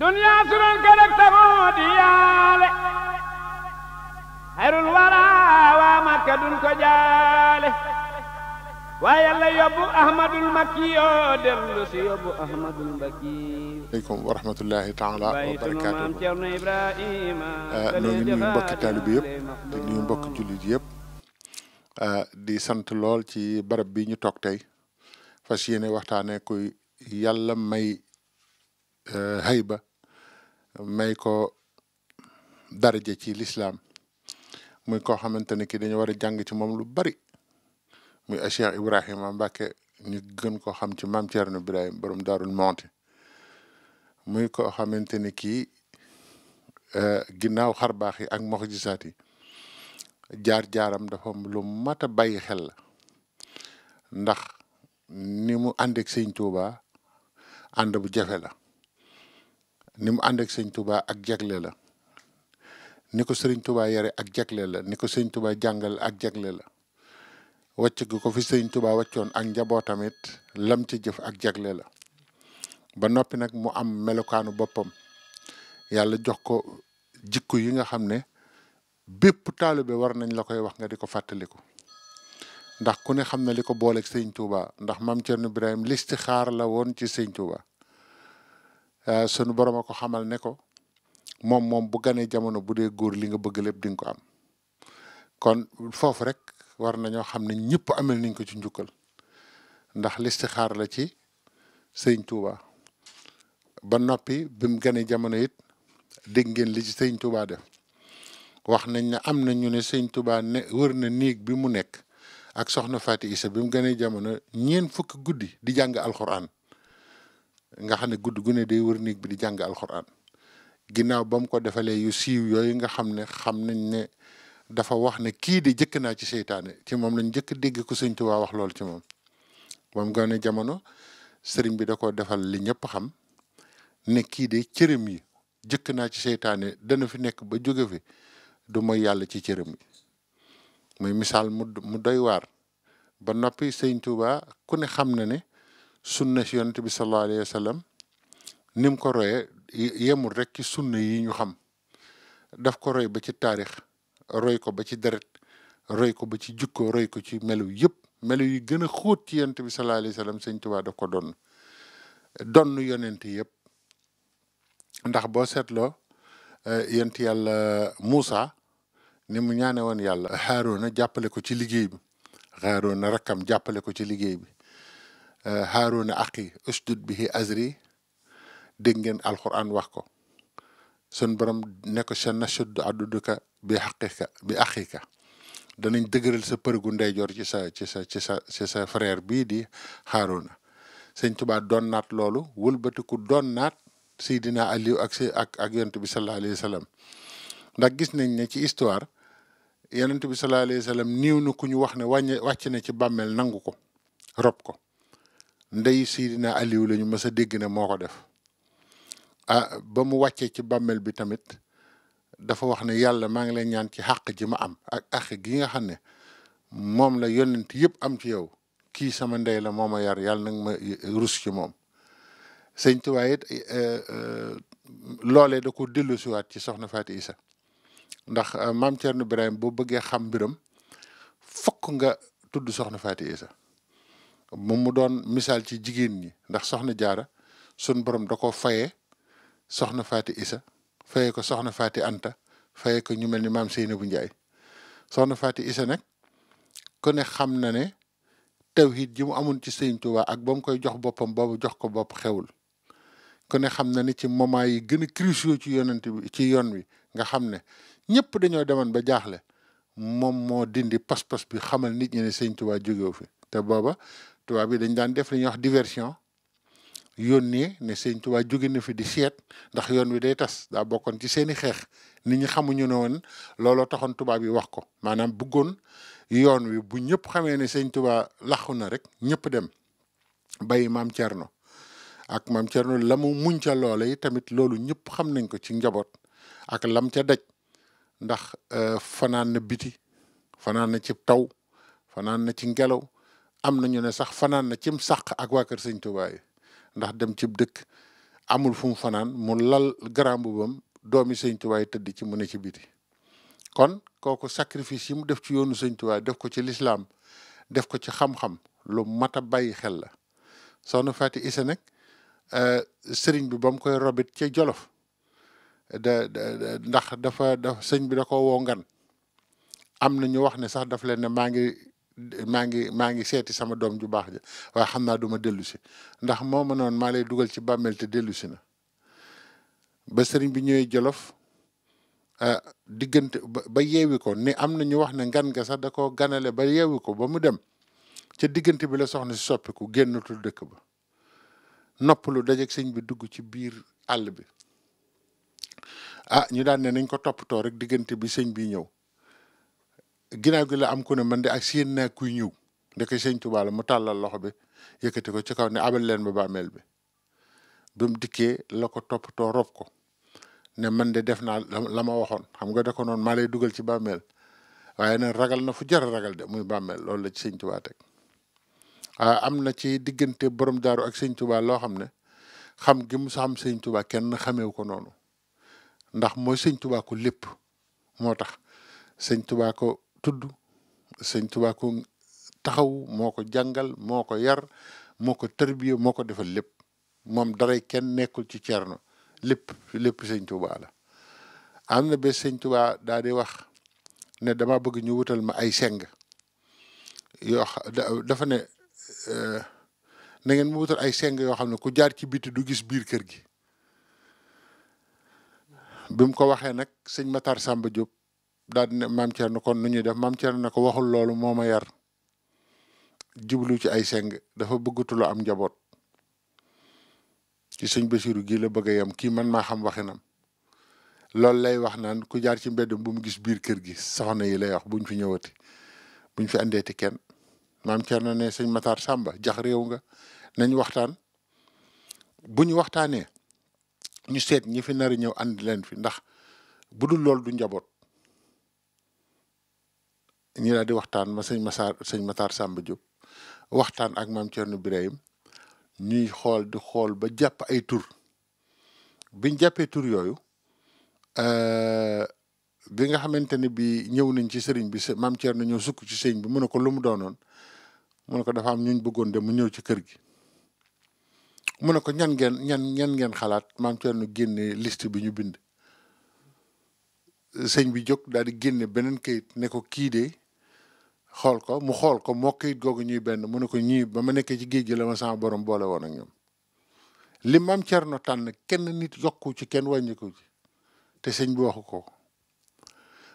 دنيا سنن كلك تموت يالي خير الورى ومكة دون كجالي ويلا يبو أحمد المكي دلو سيبو أحمد المكي aleykum wa rahmatullahi taala wa barakaatu eh, noo ngi nuyu mbokki taalibi yëpp di nuyu mbokki jullit yëpp eh, di sant lool ci barab bi ñu toog tey fas yéene waxtaane kuy yàlla may eh, hayba may ko daraje ci lislaam muy koo xamante ne kii dañu war a jàng ci moom lu bari muy Cheikh Ibrahima mbake ñu gën koo xam ci maam Thierno Ibrahim borom daarul monti muy ko xamante ni kii eh, ginnaaw xar ak moxjisaat yi jaar-jaaram dafa lu mat a bàyyi xel la ndax ni mu ànd ak Tuuba ànd bu jafe la ni mu ànd ak sëñ ak jagle la ni ko sëriñ Touba yare ak jagle la ni ko sëñ Touba jàngal ak jagle la wàcc gi ko fi sëñ Touba wàccoon ak njabootam tamit lam ci jëf ak jagle la ba noppi nag mu am melokaanu boppam yàlla jox ko jikko yi nga xam ne bépp taalibe war nañ la koy wax nga di ko fàttaliku ndax ku ne xam na li ko booleeg sëñ Touba ndax maam Thierno Ibrahima listixaar la woon ci sëñ Touba. Euh, sunu borom a ko xamal ne ko moom moom bu ganee jamono bu dee góor li nga bëgg lépp di ko am kon foofu rek war nañoo xam ne ñëpp amel nañ ko ci njukkal ndax listixaar la ci sëñ tuuba ba noppi bi mu ganee jamono it dégg ngeen li ci sëñ def wax nañ ne am na ñu ne sëñ Touba ne wër na néeg bi mu nekk ak soxna Faati Isa bi mu ganee jamono ñeen fukki guddi di jàng alxuraan nga xam ne gudd gu ne wër néeg bi di jàng alxuraan ginnaaw ba mu ko defalee yu siiw yooyu nga xam ne xam nañ ne dafa wax ne kii de jëkk naa ci seytaane ci moom lañ njëkk dégg ko Sëñ Tuubaa wax lool ci moom moom nga ne jamono sëriñ bi da ko defal li ñëpp xam ne kii de cërëm yi jëkk naa ci seytaane dana fi nekk ba jóge fi du mooy yàlla ci cërëm yi muy misaal mu doy waar ba noppi Sëñ Tuubaa ku ne xam na ne sunna si yonent bi sallallahu alayhi wa ko royee yemul rek ci sunna yi ñu xam daf ko roy ba ci taarix roy ko ba ci deret roy ko ba ci jukko roy ko ci melu yëpp melu yi gën a xóot ci yonent bi sallallahu alayhi wa sallam sëñ Tuubaa daf ko donn donn yonent yëpp ndax boo seetloo eh, yonent yàlla Muusa ni mu ñaane woon yàlla xaaroona jàppale ko ci liggéey bi xaaroona rakkam jàppale ko ci liggéey bi Euh, haaruna aqi bi bihi azri dégg ngeen alquran wax ko sun borom ne ko sa nasuddu adduduka bi xaqika bi aqika danañ dëgëral sa përgu ndeyjoor ci sa ci sa ci sa bii di haaruna sëñ tubaa doon naat loolu wëlbatiku doon naat Seydina Aliou ak ak ak yonent bi sallallahu alayhi wa ndax gis nañ ne ci histoire yonent bi sallallahu alayhi wa sallam niiw na ku ñu wax ne wàññi wàcc na ci bàmmeel nangu ko rob ko ndey Seydina Aliou la ñu mës a dégg moo ko def ah ba mu wàccee ci bàmmeel bi tamit dafa wax ne yàlla maa ngi lay ñaan ci xàq ji ma am ak àq gi nga xam ne moom la yonent yëpp am ci yow kii sama ndey la moo ma yar yàlla nag ma rus ci moom sëñ Tuubaa it eh, eh, loolee da ko dellu siwaat ci soxna Faati Isa ndax eh, maam Cerno Ibrahima boo bëggee xam mbiram fokk nga tudd soxna Faati Isa moom mu doon misaal ci jigéen ñi ndax soxna jaara sun borom da ko fayee soxna faati issa fayee ko soxna faati anta faye ko ñu mel ni maam bu Njaay soxna faati isa nag ku ne xam na ne tawhid ji mu amoon ci sëñ ak ba koy jox boppam boobu jox ko bopp xewul ku ne xam na ne ci moment yi gën a cruciaux ci yonent ci yoon wi nga xam ne ñëpp dañoo demoon ba jaaxle moom moo dindi pas-pas bi xamal nit ñi ne sëñ Tuubaa jógewu fi te booba tubaab bi dañ daan def li ñuy wax diversion yónnee ne sëñ Tuubaa jóge na fi di seet ndax yoon wi day tas daa bokkoon ci seeni xeex nit ñu xamuñu ne woon looloo taxoon tubaab yi wax ko maanaam bëggoon yoon wi bu ñëpp xamee ne sëñ Tuubaa laxu na rek ñëpp dem bàyyi maam Thierno ak maam Thierno la mu muñ ca yi tamit loolu ñëpp xam nañ ko ci njaboot ak lam ca daj ndax euh, fanaan na biti fanaan na ci taw fanaan na ci ngelaw am na ñu ne sax fanaan na cim sàq ak waa kër sëñ ndax dem cib dëkk amul fu fanaan mu lal grand boubam doomi sëñ Tuubaa yi tëdd ci mu ne ci biti kon kooku sacrifice yi mu def ci yoonu sëñ Tuubaa def ko ci lislaam def ko ci xam-xam lu mat a bàyyi xel la soxna Faati Isa nag euh, sëriñ bi ba mu koy robit ci Jolof da ndax dafa da sëñ bi da ko woo ngan am na ñu wax ne sax daf leen ne maa ngi maa ngi seeti sama doom ju baax ja waaye xam naa duma dellusi dellu si ndax moo ma maa lay dugal ci bàmmeel te dellu si na ba sëriñ bi ñëwee jolof ah, diggante ba yeewi ni am na ñu wax ne ngan nga sax da ko ganale ba yeewi ko ba mu dem ca diggante bi la soxna si soppiku génnatul dëkk ba noppalu dajeeg sëñ bi dugg ci biir àll bi ah ñu daan ne nañ ko toppatoo rek diggante bi sëñ bi ñëw ginnaaw gi la am ku ne man de ak seen naa kuy ñëw ndeke sëñ Tuubaa la mu tàllal loxo bi yëkkati ko ci kaw ne abal leen ba bàmmeel bi bi mu dikkee la ko toppatoo rob ko ne man de def naa la waxoon xam nga da ko noonu maa lay dugal ci bàmmeel waaye nag ragal na fu jar ragal de muy bàmmeel loolu la ci sëñ Tuubaa ah, am na ci diggante borom daaru ak sëñ Tuubaa loo xam ne xam gi mu xam sëñ Tuubaa kenn xameewu ko noonu ndax moo sëñ Tuubaa ko lépp moo tax sëñ Tuubaa tudd sëñ Tuubaa ko taxaw moo ko jàngal moo ko yar moo ko tërbiye moo ko defal lépp moom daray kenn nekkul ci Ceerno lépp lépp sëñ Tuubaa la am na bés sëñ Tuubaa daa di wax ne dama bëgg ñu wutal ma ay seng yoo ne euh, na ngeen mu wutal ay seng yoo xam ne ku jaar ci biti du gis biir kër gi bi ko waxee nag sëñ Matar Samba Diop daal di ne maam Thierno kon nu ñuy def maam Thierno ne ko waxul loolu moo ma yar jublu ci ay seng dafa bëggatuloo am njaboot ci sëñ Basiru gii la bëgg a yem kii man ma xam waxinam loolu lay wax naan ku jaar ci mbedd bu mu gis biir kër gi soxna yi lay wax buñ fi ñëwati buñ fi andeeti kenn maam Thierno ne sëñ Matar Samba jax réew nga nañ waxtaan buñ waxtaanee ñu seet ñi fi nar ñëw andi leen fi ndax bu dul loolu du njaboot. ñu daal di waxtaan ma sëñ Massar sëñ Matar Samba Diop waxtaan ak maam Thierno Birahim ñuy xool di xool ba jàpp ay tur biñ jàppee tur yooyu euh, bi nga xamante ne bi ñëw nañ ci sëriñ bi maam Thierno ñëw sukk ci sëriñ bi mu ne ko lu mu doonoon mu ne ko dafa am ñuñ bëggoon dem mu ñëw ci kër gi mu ne ko ñan ngeen ñan ñan ngeen xalaat maam nu génne list bi ñu bind sëñ bi jóg daal di génne beneen kayit ne ko kii de xool ko mu xool ko mokk it googu ñuy benn mu ne ko ñii ba ma nekkee ci géej gi la ma sama borom boole woon ak ñoom li maam Cerno tànn kenn nit yokku ci kenn wàññiku ci te sëñ waxu ko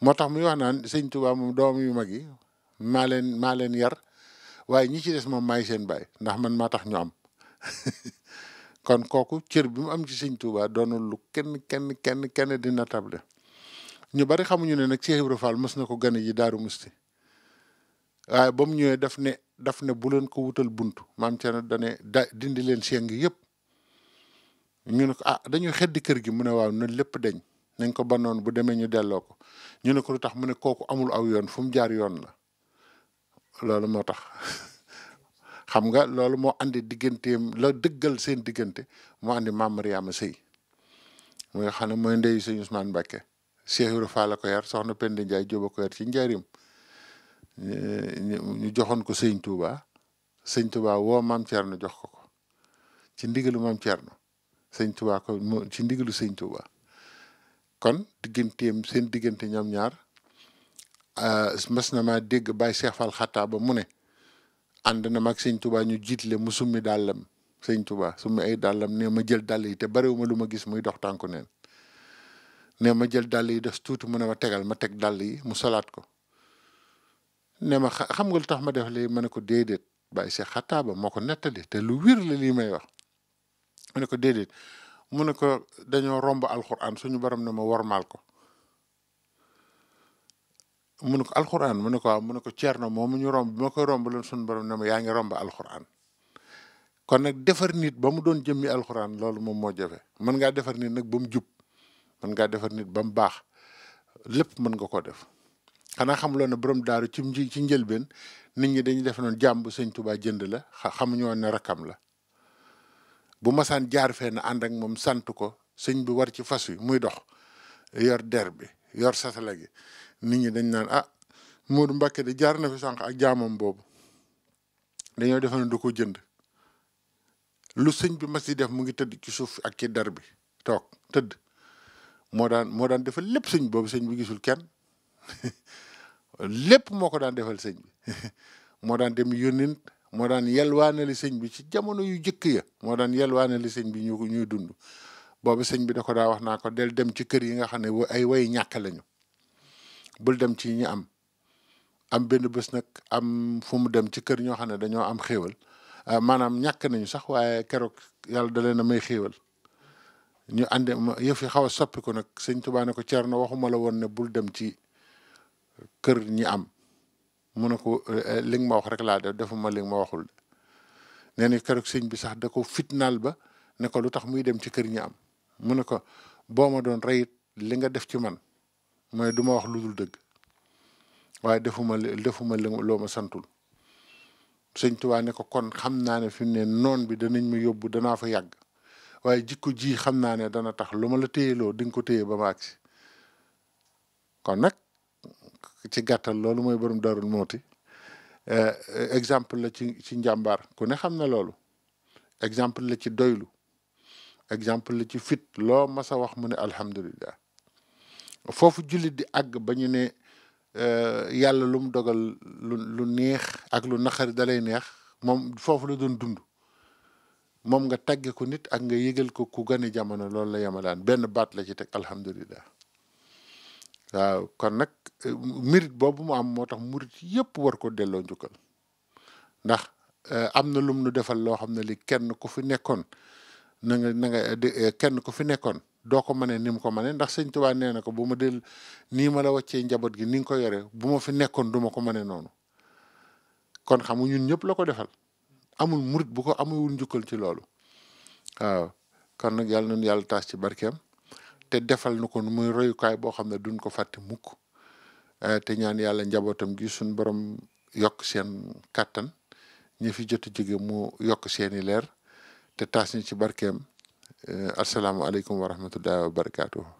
moo tax muy wax naan sëñ doom yu mag yi maa leen maa leen yar waaye ñi ci des moom maay seen baay ndax man maa tax ñu am kon kooku cër bi mu am ci sëñ Tuubaa doonul lu kenn kenn kenn kenn di natable ñu bari xamuñu ne nag Cheikh Ibra Fall mës na ko gane ji Daaru Musti waaye ba mu ñëwee daf ne daf ne bu leen ko wutal buntu maam Thierno dane da dindi leen seng yëpp ñu ne ko ah dañuy xeddi kër gi mu ne waaw na lépp dañ nañ ko ba noon bu demee ñu delloo ko ñu ne ko lu tax mu ne kooku amul aw yoon fu mu jaar yoon la loolu moo tax xam nga loolu moo andi digganteem la dëggal seen diggante moo andi maam Mariama Sëy muy xam ne mooy ndeyu sëñ Ousmane Mbacké Cheikh Ibra Fall la ko yar soxna Penda Ndiaye Jóob a ko yar ci njaarim ñu joxoon ko sëñ Touba sëñ Touba woo maam Thierno jox ko ko ci ndigalu maam Thierno sëñ Touba ko ci ndigalu sëñ Touba kon digganteem seen diggante ñoom ñaar ah, mas na ma dégg Baye Cheikh ba mu ne ànd na mag sëñ Touba ñu jiitle mu summi dàllam sëñ Touba summi ay dàllam ne ma jël dàll yi te bariwuma lu ma gis muy dox tànku neen ne ma jël dàll yi des tuuti mu ne ma tegal ma teg dàll yi mu salaat ko. ne ma xam nga lu tax ma def lii ma ne ko déedéet bàyyi si moo ko nettali te lu wir la lii may wax ma ne ko déedéet mu ne ko dañoo romb alxuraan suñu borom ne ma wormaal ko mu ko alxuraan mu ne ko waaw mu ne ko ceerno moomu ñu romb bi ma koy romb leen suñu borom ne ma yaa ngi romb alxuraan kon nag defar nit ba mu doon jëmmi alxuraan loolu moom moo jafe mën ngaa defar nit nag ba mu jub mën ngaa defar nit ba mu baax lépp mën nga ko def xanaa xamuloon ne borom daaru ci nji ci njëlbeen nit ñi dañuy def noonu jàmm bu sëñ Tuubaa jënd la xamuñu woon ne rakkam la bu masaan jaar fee na ànd ak moom santu ko sëñ bi war ci fas wi muy dox yor der bi yor satala gi nit ñi dañ naan ah Modou Mbacke de jaar na fi sànq ak jaamam boobu dañoo defe ne jënd lu sëñ bi mas di def mu ngi tëdd ci suuf ak ci der bi toog tëdd moo daan moo daan defal lépp sëñ boobu sëñ bi gisul kenn lépp moo ko daan defal sëñ bi moo daan dem yónnent moo daan yelwaanali sëñ bi ci jamono yu jëkk ya moo daan yelwaanali sëñ bi ñu ñuy dund boobu sëñ bi da ko daa wax naa ko del dem ci kër yi nga xam ne ay way ñàkk lañu bul dem ci ñu am am benn bés nag am fu dem ci kër ñoo xam ne dañoo am xéewal ah, maanaam ñàkk nañu sax waaye keroog yàlla da leen a may xéewal ñu ànde yëf yi xaw a soppi ko nag sëñ Tuubaa ne ko Cerno waxuma la woon ne bul dem ci kër ñi am mu ne ko eh, eh, li nga ma wax rek laa defuma li nga ma waxul nee na keroog sëñ bi sax da ko fitnaal ba ne ko lu tax muy dem ci kër ñi am mu ne ko boo ma doon rey li nga def ci man mooy du ma wax lu dul dëgg waaye defuma defuma li loo ma santul sëñ Tuubaa ne ko kon xam naa ne fi mu ne noon bi danañ ma yóbbu danaa fa yàgg waaye jikko ji xam naa ne dana tax lu ma la téyeloo di nga ko téye ba ma agsi kon nag ci gàttal loolu mooy borom Daarul Mooti eh, eh, exemple la ci ci njàmbaar ku ne xam na loolu exemple la ci doylu exemple la ci fit loo mas a wax mu ne alhamdulillah foofu julli di àgg ba ñu ne eh, yàlla lu dogal lu lu neex ak lu naqari dalay neex moom foofu la doon dund moom nga tàgge ku nit ak nga yëgal ko ku gane jamono loolu la yemalaan benn baat la ci teg alhamdulillah waaw kon nag eh, mirit boobu mu am moo tax murit yëpp war ko delloo njukkal ndax eh, am na lum nu defal loo xam ne li kenn ku fi nekkoon na nga na eh, ku fi nekkoon doo ko mënee ni mu ko mënee ndax sëñ Tuubaa nee na ko bu ma del nii ma la wàccee njaboot gi ni nga ko yore bu ma fi nekkoon du ko mënee noonu kon xam nga ñun ñëpp la ko defal amul murit bu ko amul njukkal ci loolu waaw kon nag yàlla nañu yàlla taas ci barkeem. te defal na ko nu muy royukaay boo xam ne duñ ko fàtte mukk eh, te ñaan yàlla njabootam gi suñ borom yokk seen kattan ñi fi jot a mu yokk seeni leer te taas ñu ci barkeem eh, asalaamualeykum wa rahmatullahi wa barakaatu.